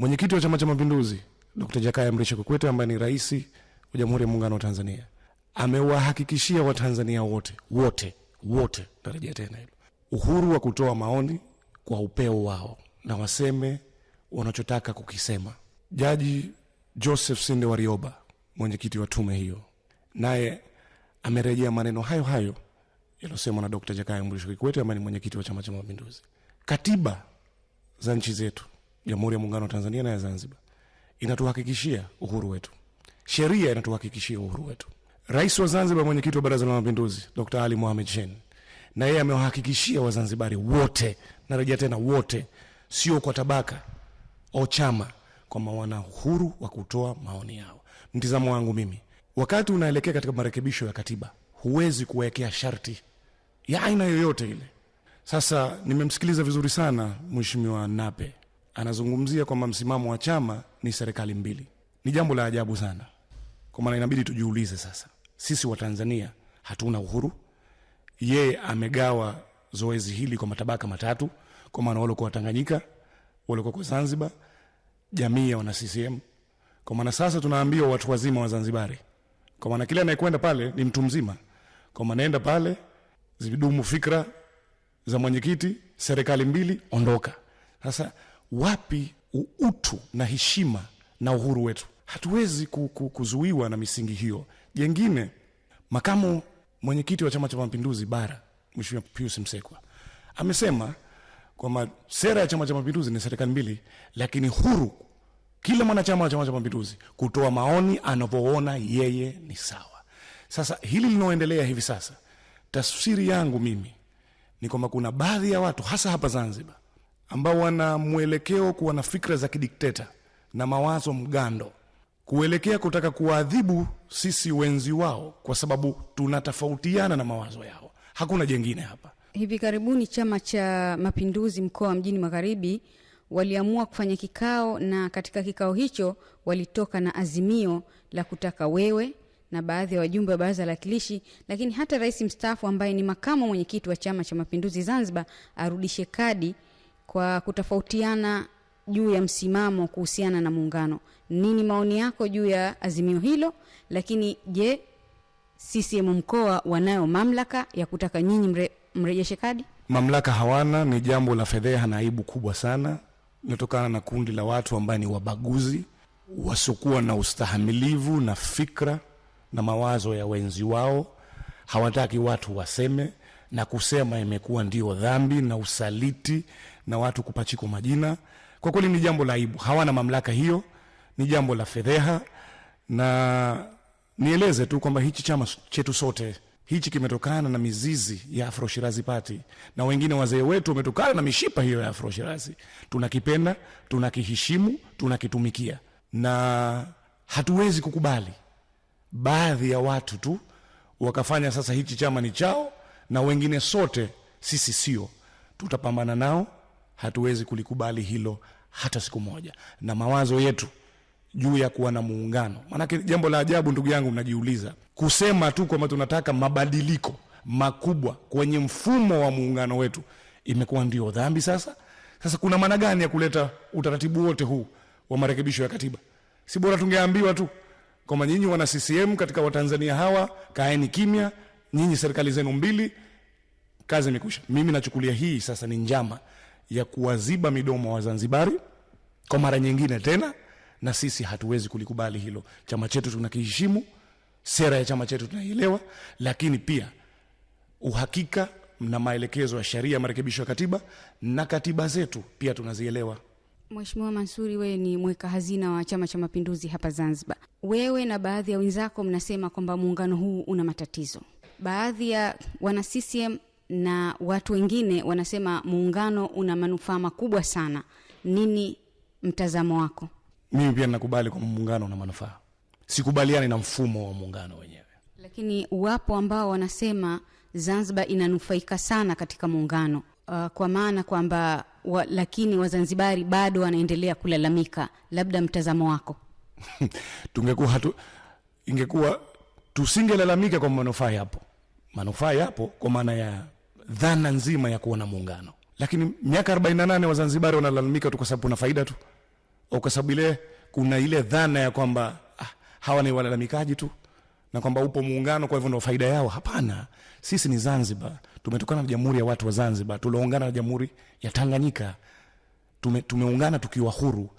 Mwenyekiti wa Chama cha Mapinduzi Dr. Jakaya Mrisho Kikwete ambaye ni rais wa Jamhuri ya Muungano wa Tanzania amewahakikishia Watanzania wote wote wote, narejea tena hilo, uhuru wa kutoa maoni kwa upeo wao na waseme wanachotaka kukisema. Jaji Joseph Sinde Warioba, mwenyekiti wa tume hiyo, naye amerejea maneno hayo hayo yaliosemwa na Dr. Jakaya Mrisho Kikwete ambaye ni mwenyekiti wa Chama cha Mapinduzi. Katiba za nchi zetu Jamhuri ya Muungano wa Tanzania na ya Zanzibar inatuhakikishia uhuru wetu, sheria inatuhakikishia uhuru wetu. Rais wa Zanzibar, mwenyekiti wa Baraza la Mapinduzi Dr Ali Mohamed shen na yeye amewahakikishia Wazanzibari wote, narejea tena wote, sio kwa tabaka au chama, kwamba wana uhuru wa kutoa maoni yao. Mtizamo wangu mimi, wakati unaelekea katika marekebisho ya katiba, huwezi kuwekea sharti ya aina yoyote ile. Sasa nimemsikiliza vizuri sana mweshimiwa Nape anazungumzia kwamba msimamo wa chama ni serikali mbili. Ni jambo la ajabu sana, kwa maana inabidi tujiulize sasa, sisi wa Tanzania hatuna uhuru? Yeye amegawa zoezi hili kwa matabaka matatu, kwa maana walokuwa kwa Tanganyika, kwa Zanzibar, jamii ya wana CCM. Kwa maana sasa tunaambiwa watu wazima wa Zanzibari, kwa maana kile anayekwenda pale ni mtu mzima, kwa maana pale zidumu fikra za mwenyekiti, serikali mbili, ondoka sasa wapi utu na heshima na uhuru wetu? Hatuwezi kuzuiwa na misingi hiyo. Jengine, makamu mwenyekiti wa Chama cha Mapinduzi bara Mheshimiwa Pius Msekwa amesema kwamba sera ya Chama cha Mapinduzi ni serikali mbili, lakini huru kila mwanachama wa Chama cha Mapinduzi kutoa maoni anavyoona yeye ni sawa. Sasa hili linaoendelea hivi sasa, tafsiri yangu mimi ni kwamba kuna baadhi ya watu hasa hapa Zanzibar ambao wana mwelekeo kuwa na fikra za kidikteta na mawazo mgando, kuelekea kutaka kuwaadhibu sisi wenzi wao, kwa sababu tunatofautiana na mawazo yao. Hakuna jengine hapa. Hivi karibuni Chama cha Mapinduzi mkoa wa Mjini Magharibi waliamua kufanya kikao, na katika kikao hicho walitoka na azimio la kutaka wewe na baadhi ya wajumbe wa baraza la wakilishi, lakini hata rais mstaafu ambaye ni makamu mwenyekiti wa Chama cha Mapinduzi Zanzibar arudishe kadi kwa kutofautiana juu ya msimamo kuhusiana na muungano. Nini maoni yako juu ya azimio hilo? Lakini je, CCM mkoa wanayo mamlaka ya kutaka nyinyi mre, mrejeshe kadi? Mamlaka hawana, ni jambo la fedheha na aibu kubwa sana. Inatokana na kundi la watu ambaye ni wabaguzi wasiokuwa na ustahamilivu na fikra na mawazo ya wenzi wao. Hawataki watu waseme, na kusema imekuwa ndio dhambi na usaliti na watu kupachikwa majina. Kwa kweli ni jambo la aibu, hawana mamlaka hiyo, ni jambo la fedheha, na nieleze tu kwamba hichi chama chetu sote hichi kimetokana na mizizi ya Afro Shirazi Party, na wengine wazee wetu wametokana na mishipa hiyo ya Afro Shirazi. Tunakipenda, tunakihishimu, tunakitumikia na hatuwezi kukubali baadhi ya watu tu wakafanya sasa hichi chama ni chao na wengine sote sisi sio. Tutapambana nao hatuwezi kulikubali hilo hata siku moja, na mawazo yetu juu ya kuwa na muungano. Maanake jambo la ajabu, ndugu yangu, mnajiuliza kusema tu kwamba tunataka mabadiliko makubwa kwenye mfumo wa muungano wetu imekuwa ndio dhambi sasa. Sasa kuna maana gani ya kuleta utaratibu wote huu wa marekebisho ya katiba? Si bora tungeambiwa tu kwamba nyinyi wana CCM katika Watanzania hawa, kaeni kimya, nyinyi serikali zenu mbili, kazi imekwisha. Mimi nachukulia hii sasa ni njama ya kuwaziba midomo wa Zanzibari kwa mara nyingine tena, na sisi hatuwezi kulikubali hilo. Chama chetu tunakiheshimu, sera ya chama chetu tunaielewa, lakini pia uhakika na maelekezo ya sheria ya marekebisho ya katiba na katiba zetu pia tunazielewa. Mheshimiwa Mansuri, wewe ni mweka hazina wa Chama cha Mapinduzi hapa Zanzibar. Wewe na baadhi ya wenzako mnasema kwamba muungano huu una matatizo. Baadhi ya wana CCM na watu wengine wanasema muungano una manufaa makubwa sana. Nini mtazamo wako? Mimi pia ninakubali kwamba muungano una manufaa, sikubaliani na mfumo wa muungano wenyewe, lakini wapo ambao wanasema Zanzibar inanufaika sana katika muungano uh, kwa maana kwamba wa, lakini Wazanzibari bado wanaendelea kulalamika. Labda mtazamo wako? Tungekuwa tu, ingekuwa tusingelalamika kwa manufaa yapo, manufaa yapo kwa maana ya dhana nzima ya kuona muungano. Lakini miaka 48 Wazanzibari wanalalamika tu kwa sababu kuna faida tu, au kwa sababu ile kuna ile dhana ya kwamba ah, hawa ni walalamikaji tu na kwamba upo muungano, kwa hivyo ndio faida yao. Hapana, sisi ni Zanzibar, tumetokana na Jamhuri ya Watu wa Zanzibar, tuloungana na Jamhuri ya Tanganyika. Tume, tumeungana tukiwa huru,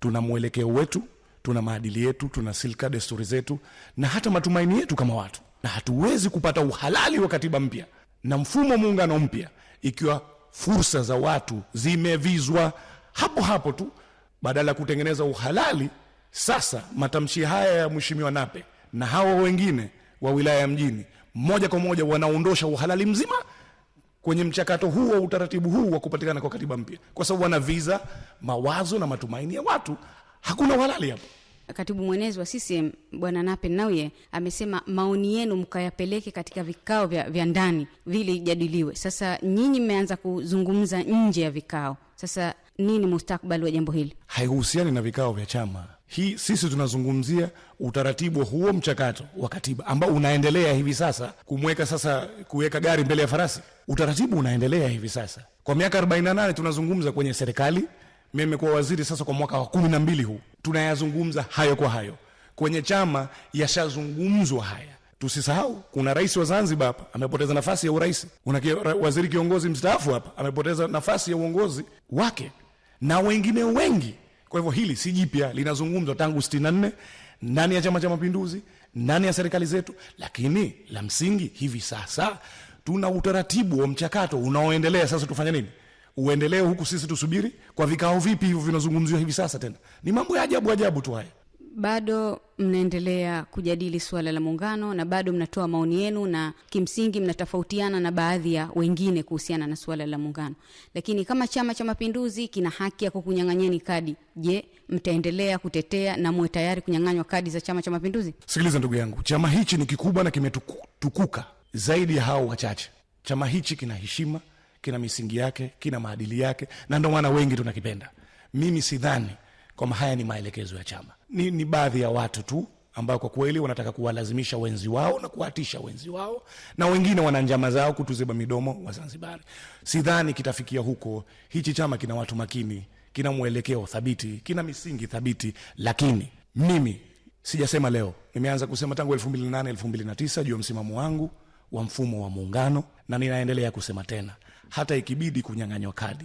tuna mwelekeo wetu, tuna maadili yetu, tuna silka, desturi zetu na hata matumaini yetu kama watu, na hatuwezi kupata uhalali wa katiba mpya na mfumo muungano mpya, ikiwa fursa za watu zimevizwa hapo hapo tu, badala ya kutengeneza uhalali. Sasa matamshi haya ya mheshimiwa Nape na hawa wengine wa wilaya ya mjini moja kwa moja wanaondosha uhalali mzima kwenye mchakato huu wa utaratibu huu wa kupatikana kwa katiba mpya, kwa sababu wanaviza mawazo na matumaini ya watu. Hakuna uhalali hapo. Katibu mwenezi wa CCM Bwana Nape Nnauye amesema maoni yenu mkayapeleke katika vikao vya, vya ndani vili ijadiliwe. Sasa nyinyi mmeanza kuzungumza nje ya vikao, sasa nini mustakbali wa jambo hili? Haihusiani na vikao vya chama hii sisi tunazungumzia utaratibu wa huo mchakato wa katiba ambao unaendelea hivi sasa, kumweka sasa, kuweka gari mbele ya farasi. Utaratibu unaendelea hivi sasa kwa miaka 48 tunazungumza kwenye serikali. Mimi nimekuwa waziri sasa kwa mwaka wa kumi na mbili huu tunayazungumza hayo kwa hayo, kwenye chama yashazungumzwa haya. Tusisahau kuna rais wa Zanzibar hapa amepoteza nafasi ya urais, kuna waziri kiongozi mstaafu hapa amepoteza nafasi ya uongozi wake na wengine wengi. Kwa hivyo hili si jipya, linazungumzwa tangu sitini na nne ndani ya Chama cha Mapinduzi, ndani ya serikali zetu, lakini la msingi hivi sasa tuna utaratibu wa mchakato unaoendelea sasa. Tufanye nini? uendelee huku sisi tusubiri. Kwa vikao vipi hivyo vinazungumziwa hivi sasa? Tena ni mambo ya ajabu ajabu tu haya. Bado mnaendelea kujadili suala la muungano na bado mnatoa maoni yenu, na kimsingi mnatofautiana na baadhi ya wengine kuhusiana na suala la muungano. Lakini kama Chama cha Mapinduzi kina haki ya kukunyang'anyeni kadi, je, mtaendelea kutetea na muwe tayari kunyang'anywa kadi za Chama cha Mapinduzi? Sikiliza ndugu yangu, chama hichi ni kikubwa na kimetukuka zaidi ya hao wachache. Chama hichi kina heshima kina misingi yake, kina maadili yake, na ndo maana wengi tunakipenda. Mimi sidhani kwamba haya ni maelekezo ya chama, ni, ni baadhi ya watu tu ambao kwa kweli wanataka kuwalazimisha wenzi wao na kuwatisha wenzi wao, na wengine wana njama zao kutuziba midomo Wazanzibari. Sidhani kitafikia huko. Hichi chama kina watu makini, kina mwelekeo thabiti, kina misingi thabiti, lakini mimi sijasema leo, nimeanza kusema tangu 2008 2009 juu ya msimamo wangu wa mfumo wa muungano, na ninaendelea kusema tena hata ikibidi kunyang'anywa kadi.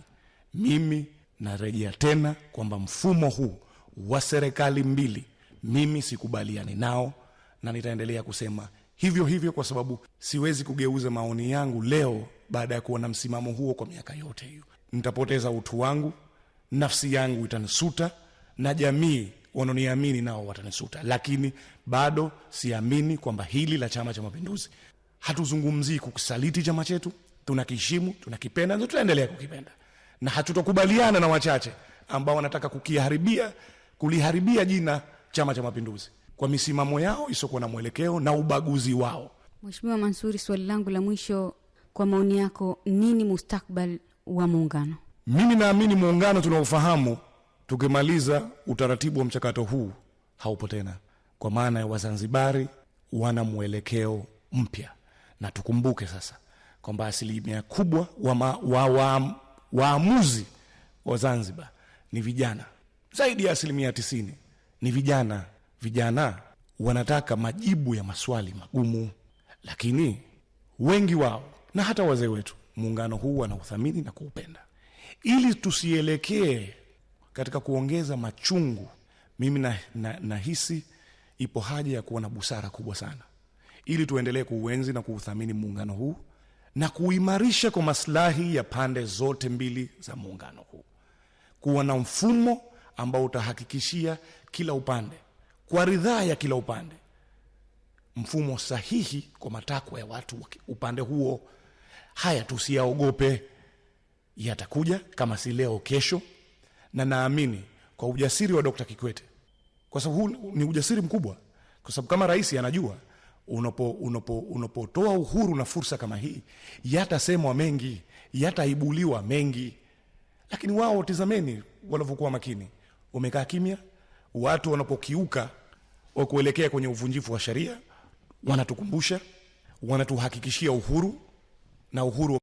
Mimi narejea tena kwamba mfumo huu wa serikali mbili mimi sikubaliani nao, na nitaendelea kusema hivyo hivyo, kwa sababu siwezi kugeuza maoni yangu leo baada ya kuwa na msimamo huo kwa miaka yote hiyo. Nitapoteza utu wangu, nafsi yangu itanisuta, na jamii wanaoniamini nao watanisuta, lakini bado siamini kwamba hili la Chama cha Mapinduzi. Hatuzungumzii kukisaliti chama chetu tunakiheshimu, tunakipenda, ndio tunaendelea kukipenda, na hatutokubaliana na wachache ambao wanataka kukiharibia, kuliharibia jina Chama cha Mapinduzi kwa misimamo yao isiyokuwa na mwelekeo na ubaguzi wao. mweshimiwa Mansuri, swali langu la mwisho, kwa maoni yako, nini mustakbal wa muungano? Mimi naamini muungano tunaofahamu, tukimaliza utaratibu wa mchakato huu haupo tena, kwa maana ya Wazanzibari wana mwelekeo mpya, na tukumbuke sasa kwamba asilimia kubwa wa waamuzi wa, wa Zanzibar ni vijana, zaidi ya asilimia tisini ni vijana. Vijana wanataka majibu ya maswali magumu, lakini wengi wao na hata wazee wetu muungano huu wanauthamini na kuupenda. Ili tusielekee katika kuongeza machungu, mimi nahisi na, na ipo haja ya kuwa na busara kubwa sana, ili tuendelee kuuenzi na kuuthamini muungano huu na kuimarisha kwa maslahi ya pande zote mbili za muungano huu, kuwa na mfumo ambao utahakikishia kila upande kwa ridhaa ya kila upande mfumo sahihi kwa matakwa ya watu upande huo. Haya tusiyaogope, yatakuja kama si leo, kesho, na naamini kwa ujasiri wa dokta Kikwete, kwa sababu huu ni ujasiri mkubwa, kwa sababu kama rais anajua unapo unapotoa uhuru na fursa kama hii, yatasemwa mengi, yataibuliwa mengi, lakini wao tizameni walivyokuwa makini. Wamekaa kimya. Watu wanapokiuka wa kuelekea kwenye uvunjifu wa sheria, wanatukumbusha, wanatuhakikishia uhuru na uhuru